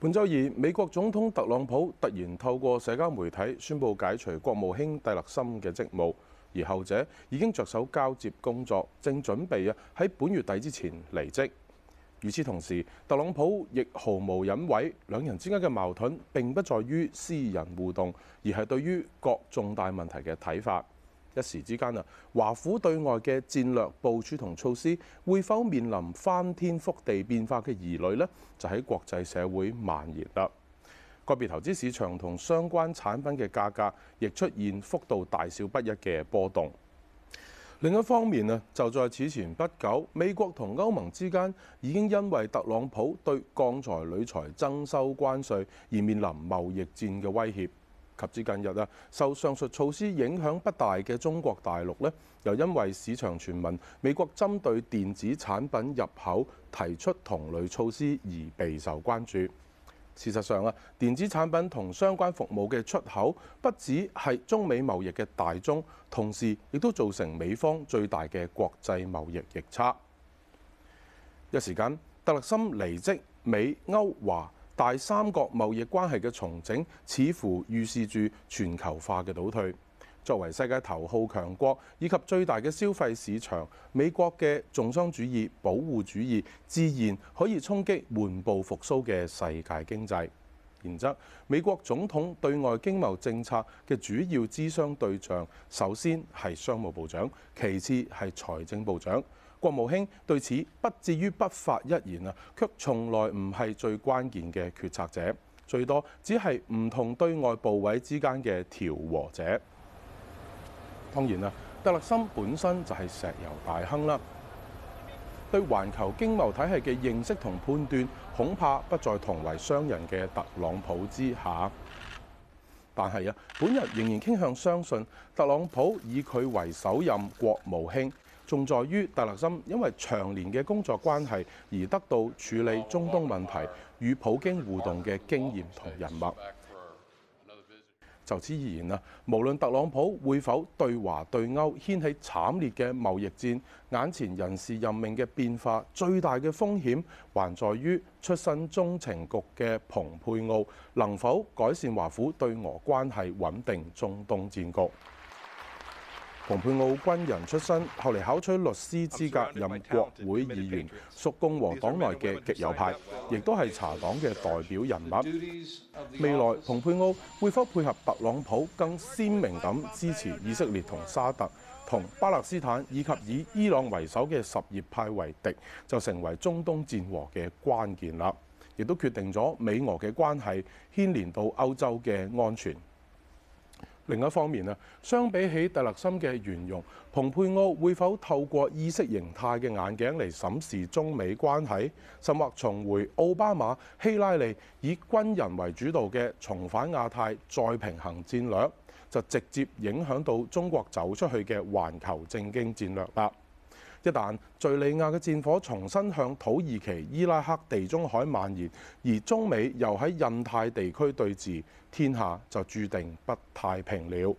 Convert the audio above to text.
本周二，美國總統特朗普突然透過社交媒體宣佈解除國務卿蒂勒森嘅職務，而後者已經着手交接工作，正準備啊喺本月底之前離職。與此同時，特朗普亦毫無隱諱，兩人之間嘅矛盾並不在於私人互動，而係對於各重大問題嘅睇法。一時之間啊，華府對外嘅戰略部署同措施，會否面臨翻天覆地變化嘅疑慮，呢就喺國際社會蔓延啦。個別投資市場同相關產品嘅價格，亦出現幅度大小不一嘅波動。另一方面啊，就在此前不久，美國同歐盟之間已經因為特朗普對鋼材、鋁材徵收關稅而面臨貿易戰嘅威脅。及至近日啊，受上述措施影響不大嘅中國大陸咧，又因為市場傳聞美國針對電子產品入口提出同類措施而備受關注。事實上啊，電子產品同相關服務嘅出口，不止係中美貿易嘅大宗，同時亦都造成美方最大嘅國際貿易逆差。一時間，蒂勒森離職美歐華大三角貿易關係嘅重整似乎預示住全球化嘅倒退。作為世界頭號強國以及最大嘅消費市場，美國嘅重商主義、保護主義自然可以衝擊緩步復甦嘅世界經濟。然則美國總統對外經貿政策嘅主要諮商對象，首先係商務部長，其次係財政部長。國務卿對此不至於不發一言啊，卻從來唔係最關鍵嘅決策者，最多只係唔同對外部位之間嘅調和者。當然啦，蒂勒森本身就係石油大亨啦，對環球經貿體系嘅認識同判斷恐怕不在同為商人嘅特朗普之下。但係啊，本人仍然傾向相信特朗普以佢為首任國務卿。仲在於蒂勒森，因為長年嘅工作關係而得到處理中東問題與普京互動嘅經驗同人脈。就此而言啊，無論特朗普會否對華對歐掀起慘烈嘅貿易戰，眼前人事任命嘅變化，最大嘅風險還在於出身中情局嘅蓬佩奧能否改善華府對俄關係，穩定中東戰局。蓬佩奧軍人出身，後嚟考取律師資格，任國會議員，屬共和黨內嘅極右派，亦都係茶黨嘅代表人物。未來蓬佩奧會否配合特朗普更鮮明咁支持以色列同沙特、同巴勒斯坦以及以伊朗為首嘅什葉派為敵，就成為中東戰和嘅關鍵啦，亦都決定咗美俄嘅關係牽連到歐洲嘅安全。另一方面啊，相比起蒂勒森嘅圓融，蓬佩奧會否透過意識形態嘅眼鏡嚟審視中美關係，甚或重回奧巴馬希拉里以軍人為主導嘅重返亞太、再平衡戰略，就直接影響到中國走出去嘅環球政經戰略啦。一旦敘利亞嘅戰火重新向土耳其、伊拉克、地中海蔓延，而中美又喺印太地區對峙，天下就注定不太平了。